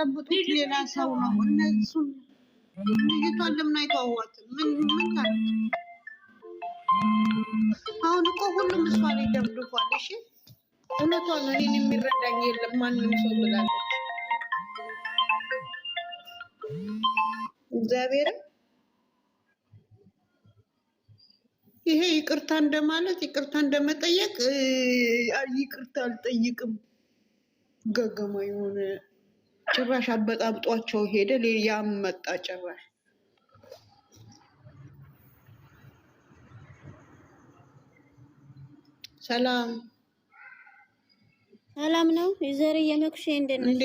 ጠብጡት ሌላ ሰው ነው። እነሱ ልጅቷን ለምን አይተዋዋትም? ምን ምን ታለ አሁን እኮ ሁሉም እሷ ላይ ደብድፏል። እሺ እውነቷ ነው። እኔን የሚረዳኝ የለም ማንም ሰው ብላለች። እግዚአብሔርም ይሄ ይቅርታ እንደማለት ይቅርታ እንደመጠየቅ ይቅርታ አልጠይቅም ገገማ የሆነ ጭራሽ አበጣብጧቸው ሄደ። ያም መጣ ጭራሽ ሰላም ሰላም ነው። የዘር የመኩሽ እንዴት ነሽ?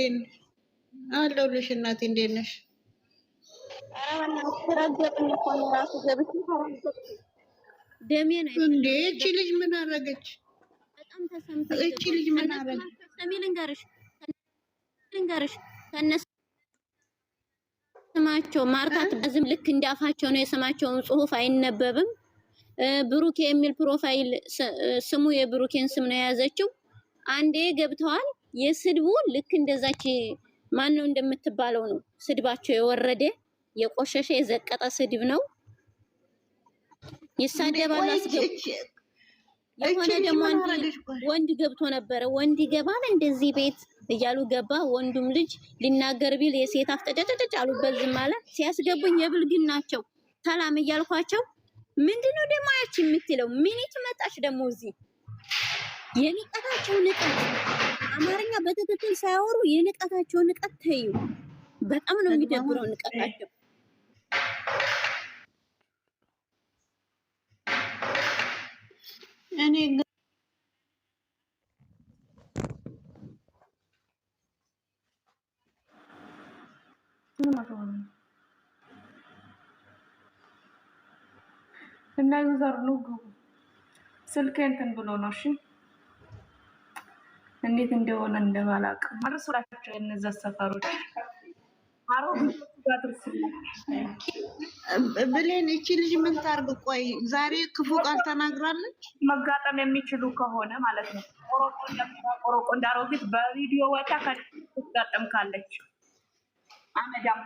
አለሁልሽ እናቴ፣ እንዴት ነሽ? እንዴ! እቺ ልጅ ምን አረገች? በጣም ተሰምቶ እቺ ልጅ ምን አረገች? ልንገርሽ ልንገርሽ ከነሱ ስማቸው ማርካት በዝም ልክ እንዳፋቸው ነው። የስማቸውን ጽሁፍ አይነበብም። ብሩኬ የሚል ፕሮፋይል ስሙ የብሩኬን ስም ነው የያዘችው። አንዴ ገብተዋል። የስድቡ ልክ እንደዛች ማን ነው እንደምትባለው ነው። ስድባቸው የወረደ የቆሸሸ የዘቀጠ ስድብ ነው። ይሳደባሉ። የሆነ ደግሞ ወንድ ገብቶ ነበረ። ወንድ ይገባል እንደዚህ ቤት እያሉ ገባ። ወንዱም ልጅ ሊናገር ቢል የሴት አፍ ጠጨጨጨጭ አሉበት። ዝም አለ። ሲያስገቡኝ የብልግን ናቸው ሰላም እያልኳቸው ምንድነው ደግሞ አያች የምትለው ምኒት መጣች። ደግሞ እዚህ የንቀታቸው ንቀት አማርኛ በትክክል ሳያወሩ የንቀታቸው ንቀት ተዩ። በጣም ነው የሚደብረው ንቀታቸው። እኔ እና ዩዘር ነው ስልክ እንትን ብሎ ነው እሺ፣ እንዴት እንደሆነ እንደማላውቅ መርሱላቸው የነዛ ሰፈሮች ብሌን እቺ ልጅ ምን ታርግ? ቆይ ዛሬ ክፉ ቃል ተናግራለች። መጋጠም የሚችሉ ከሆነ ማለት ነው ኦሮቆ እንዳሮጊት በቪዲዮ ወጣ ከጋጠም ካለች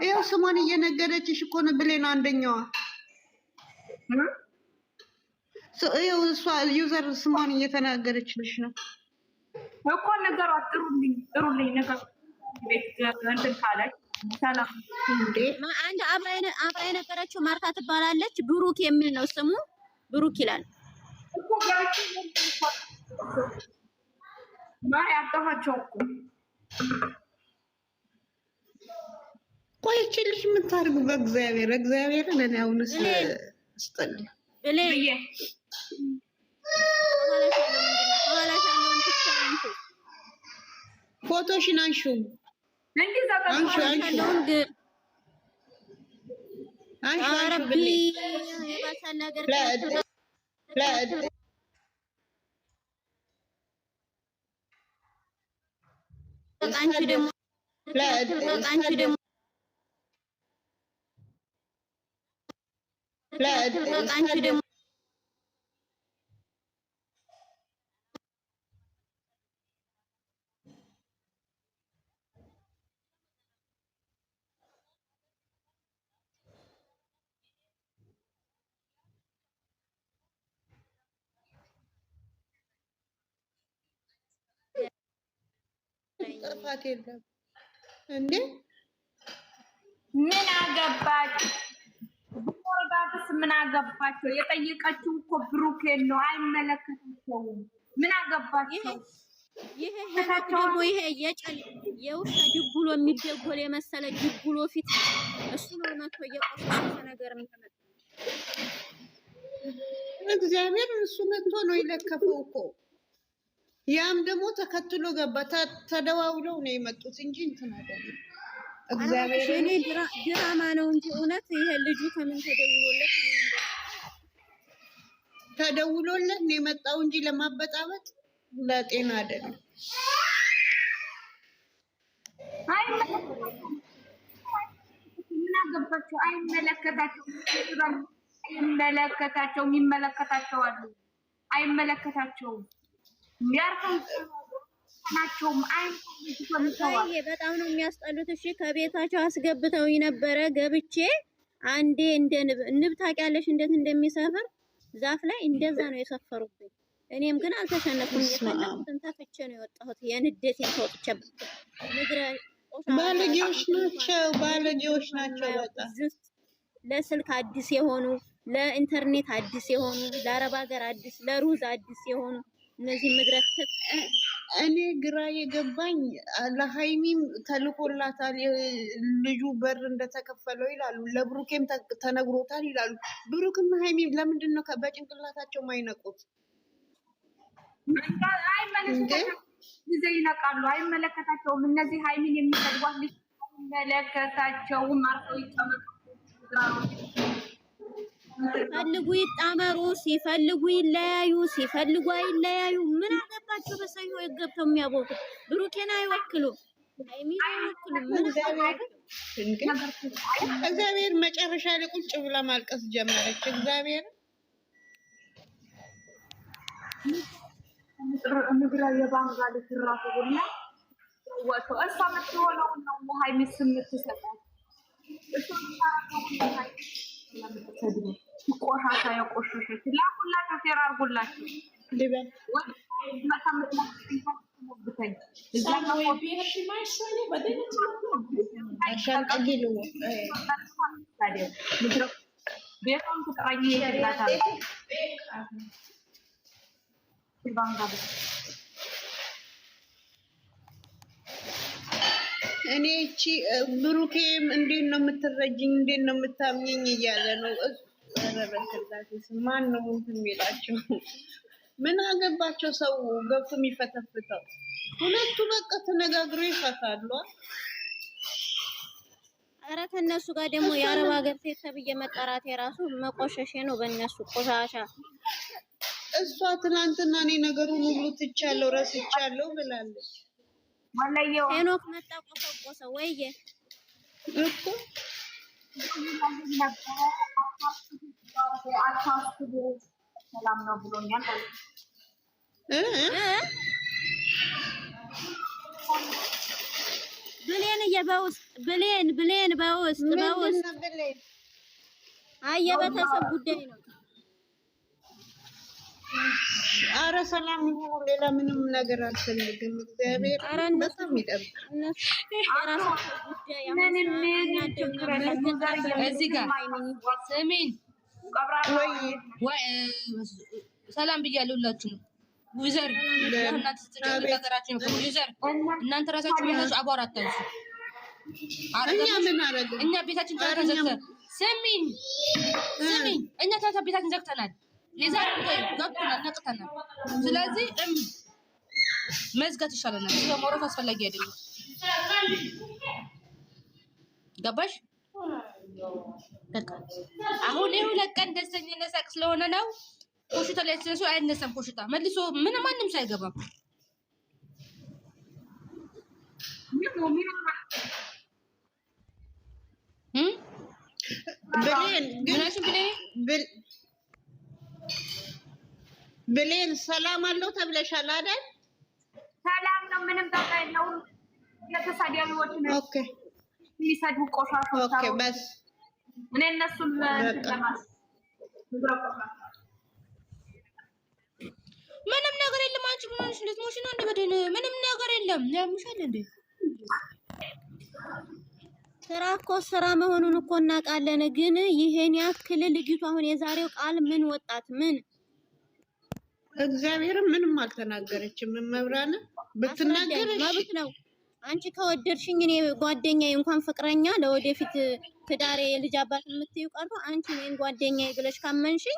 ይኸው ስሟን እየነገረችሽ እኮ ነው ብሌ ነው አንደኛዋ። ይኸው እሷ ዩዘር ስሟን እየተናገረችልሽ ነው እኮ ነገሯት። ጥሩልኝ ጥሩልኝ ነገር እንትን ካለች ሰላም አንድ አብራ የነበረችው ማርታ ትባላለች። ብሩክ የሚል ነው ስሙ፣ ብሩክ ይላል። እኮ ማር ያጣኋቸው እኮ ቆይ እቺ ልጅ የምታርጉ በእግዚአብሔር እግዚአብሔር ለኔ አሁንስ ስጠል ፎቶሽን አንሹ አንሹ አንሹ አንቺ ደግሞ ደግሞ ጥፋት የለም እንዴ? ምን አገባች? ቢሆንስ ምን አገባቸው? የጠየቀችው እኮ ብሩኬን ነው። አይመለከታቸውም። ምን አገባቸው? ይሄ ደግሞ ይሄ የጨል የውሻ ድጉሎ የሚደጎል የመሰለ ድጉሎ ፊት እሱ ነው መቶ እየቆሰሰ ነገር የሚመጣ እግዚአብሔር እሱ መቶ ነው የለከፈው እኮ ያም ደግሞ ተከትሎ ገባ። ተደዋውለው ነው የመጡት እንጂ እንትን አይደለም። እኔ ድራማ ነው እንጂ እውነት ይሄ ልጁ ከምን ተደውሎለት ተደውሎለት ነው የመጣው እንጂ ለማበጣበጥ ለጤና አይደለም። አይመለከታቸው አይመለከታቸው የሚመለከታቸው አሉ። አይመለከታቸውም ያርፈው ናቸውም በጣም ነው የሚያስጠሉት። እሺ ከቤታቸው አስገብተው ነበረ። ገብቼ አንዴ እንደ ንብ ንብ ታውቂያለሽ እንዴት እንደሚሰፍር ዛፍ ላይ እንደዛ ነው የሰፈሩብኝ። እኔም ግን አልተሸነፍኩም። እየፈለኩትን ተፍቼ ነው የወጣሁት። የንዴት ተወጥቼበት ንግረ ባለጌዎች ናቸው፣ ባለጌዎች ናቸው። ለስልክ አዲስ የሆኑ ለኢንተርኔት አዲስ የሆኑ ለአረብ ሀገር አዲስ ለሩዝ አዲስ የሆኑ እነዚህ ምግረት እኔ ግራ የገባኝ ለሀይሚም ተልኮላታል፣ ልጁ በር እንደተከፈለው ይላሉ። ለብሩኬም ተነግሮታል ይላሉ። ብሩክና ሀይሚ ለምንድን ነው በጭንቅላታቸው ማይነቁት? ጊዜ ይነቃሉ። አይመለከታቸውም። እነዚህ ሀይሚን የሚሰድቧት ልጅ አይመለከታቸውም። አርፈው ይቀመጡ። ሲፈልጉ ይጣመሩ፣ ሲፈልጉ ይለያዩ፣ ሲፈልጉ አይለያዩ። ምን አገባቸው? በሰኞ ገብተው የሚያቦኩት ብሩኬን አይወክሉም፣ ሀይሚን አይወክሉም። እግዚአብሔር መጨረሻ ላይ ቁጭ ብላ ማልቀስ ጀመረች። እግዚአብሔር ምድረ የባንጋ ልጅ ራሱ እሷ የምትሆነውን ነው ቆሻሻ የቆሸሸች ላኩላቸው፣ ሴራ አድርጎላቸው ቤቷን ፍቅረኛ ይላታል። እኔ እቺ ብሩኬም እንዴት ነው የምትረጅኝ? እንዴት ነው የምታምኝኝ እያለ ነው ረበትላት። ማን ነው የሚላቸው? ምን አገባቸው? ሰው ገብቶ የሚፈተፍተው ሁለቱ በቃ ተነጋግሮ ይፈታሉ። ኧረ ከእነሱ ጋር ደግሞ የአረብ ሀገር ሴት ተብዬ መጠራት የራሱ መቆሸሼ ነው። በእነሱ ቆሻሻ እሷ ትናንትና እኔ ነገሩን ሁሉ ትቻለሁ ረስቻለሁ ብላለች። ሄኖክ መጣ ቆሰቆሰ። ወይዬ እኮ ብሌን እየበውስጥ ብሌን ብሌን በውስጥ በውስጥ አየህ፣ ቤተሰብ ጉዳይ ነው አረ ሰላም ይሁኑ። ሌላ ምንም ነገር አልፈልግም። እግዚአብሔር በጣም ይጠብቅ። እዚህ ጋር ሰላም ብያለሁ ሁላችሁም። ዊዘር እናንተ ራሳችሁ ቤታችሁ አቧራ አታንሱ። እኛ ቤታችን ስሚኝ፣ ስሚኝ፣ እኛ ቤታችን ዘግተናል። የዛሬ ወይ ገብቶናል፣ ነቅተናል። ስለዚህ እም መዝጋት ይሻለናል። ይሄ ማውራት አስፈላጊ አይደለም። ገባሽ? በቃ አሁን ይሄ ቀን ደስተኝነት ሳቅ ስለሆነ ነው። ኮሽታ ላይ ስለሱ አይነሳም። ኮሽታ መልሶ ምን ማንም ሳይገባም ምን ብሌን ሰላም አለው ተብለሻል አይደል? ሰላም ነው። ምንም በቃ የለውም። የተሳዲያሚዎች የሚሰዱ ቆሻሾች በስ እኔ እነሱን ለማስ ምንም ነገር የለም። አንቺ ምንም ነገር የለም። ስራ እኮ ስራ መሆኑን እኮ እናውቃለን። ግን ይሄን ያክል ልጅቱ አሁን የዛሬው ቃል ምን ወጣት ምን እግዚአብሔርም ምንም አልተናገረችም። መብራን ብትናገር መብት ነው። አንቺ ከወደድሽኝ እኔ ጓደኛ እንኳን ፍቅረኛ ለወደፊት ትዳሬ የልጅ አባት የምትይው ቀርቶ አንቺ እኔን ጓደኛ ብለሽ ካመንሽኝ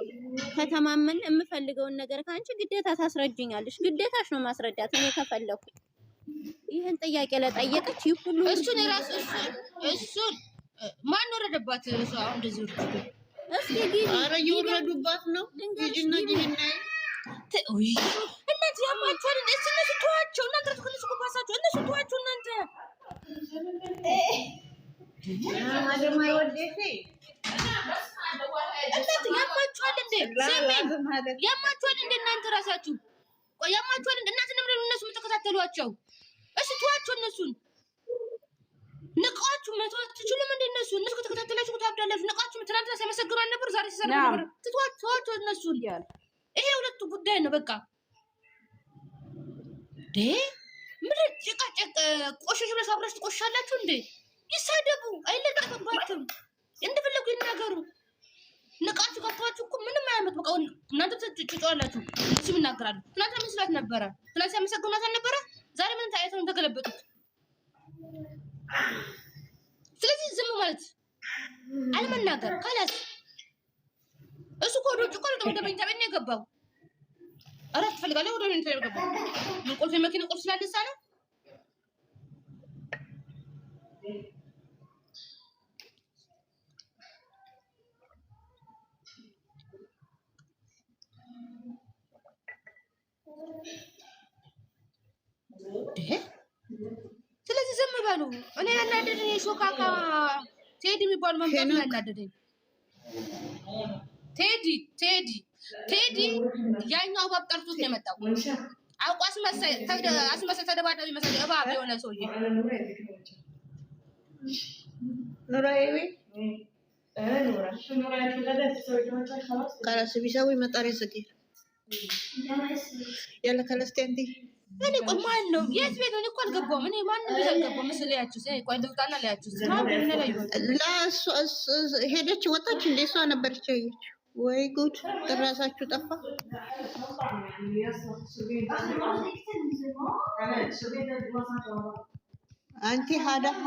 ከተማመን የምፈልገውን ነገር ከአንቺ ግዴታ ታስረጅኛለሽ። ግዴታሽ ነው ማስረዳት እኔ ከፈለኩ ይህን ጥያቄ ለጠየቀች ይሁሉ እሱን ራሱ እሱን ማን ወረደባት? እሱ አሁን እንደዚህ ወርድ እስኪ ግን ኧረ እየወረዱባት ነው። ግቢና ግቢና እናንተ ያማቸዋል። እነሱ እነሱ ተዋቸው እናንተ እነሱ ኮፓሳቸው እነሱ ተዋቸው እናንተ እናንተ ያማቸዋል እንዴ? ያማቸዋል እንደ እናንተ ራሳችሁ ያማቸዋል እንደ እናንተ ነው እነሱ የምትከታተሏቸው እሺ ተዋቸው እነሱን ንቃችሁ መተዋት ትችሉም። እንደ እነሱ እነሱ ከተከታተላችሁ ታብዳላችሁ። ንቃችሁ ትናንትና ሲያመሰግኑ አልነበሩ? ዛሬ ሲሰራ ነበር። ተዋቸው እነሱን። ይሄ ሁለቱ ጉዳይ ነው። በቃ ምን ብለሽ ትቆሻላችሁ እንዴ? ይሳደቡ፣ እንደፈለጉ ይናገሩ። ንቃችሁ ከተዋችሁ እኮ ምንም አያመት። በቃ እናንተ እሱም ይናገራሉ። ትናንትና ምን ስላት ነበረ? ትናንት አልነበረ? ነው የተገለበጡት። ስለዚህ ዝም ማለት አለመናገር ካላት እሱ ኮዶቹ ቆልጦ ወደ ቤት ነው የገባው። እረ ትፈልጋለህ? ወደ መኝታ ምን ቁልፍ የመኪና ቁልፍ ስላነሳ ነው እኔ ያናደደኝ የሾካካ ቴዲ የሚባል መምጣት ነው ያናደደኝ። ቴዲ ቴዲ ቴዲ ያኛው እባብ ጠርቶት ነው የመጣው። አውቆ አስመሳይ ተደባዳቢ መሰለ እባብ የሆነ ሰውዬ ኑራዊ እኔ ቆይ ማን ነው? የት ቤት ነው? እኔ እኮ አልገባሁም። እኔ ማንም ቤት አልገባሁም። እስኪ ልያችሁ ቆይ ልውጣና ልያችሁ። ሄደች ወጣች። እንደ እሷ ነበረች ያየችው። ወይ ጉድ! ራሳችሁ ጠፋ። አንቲ ሀዳሀ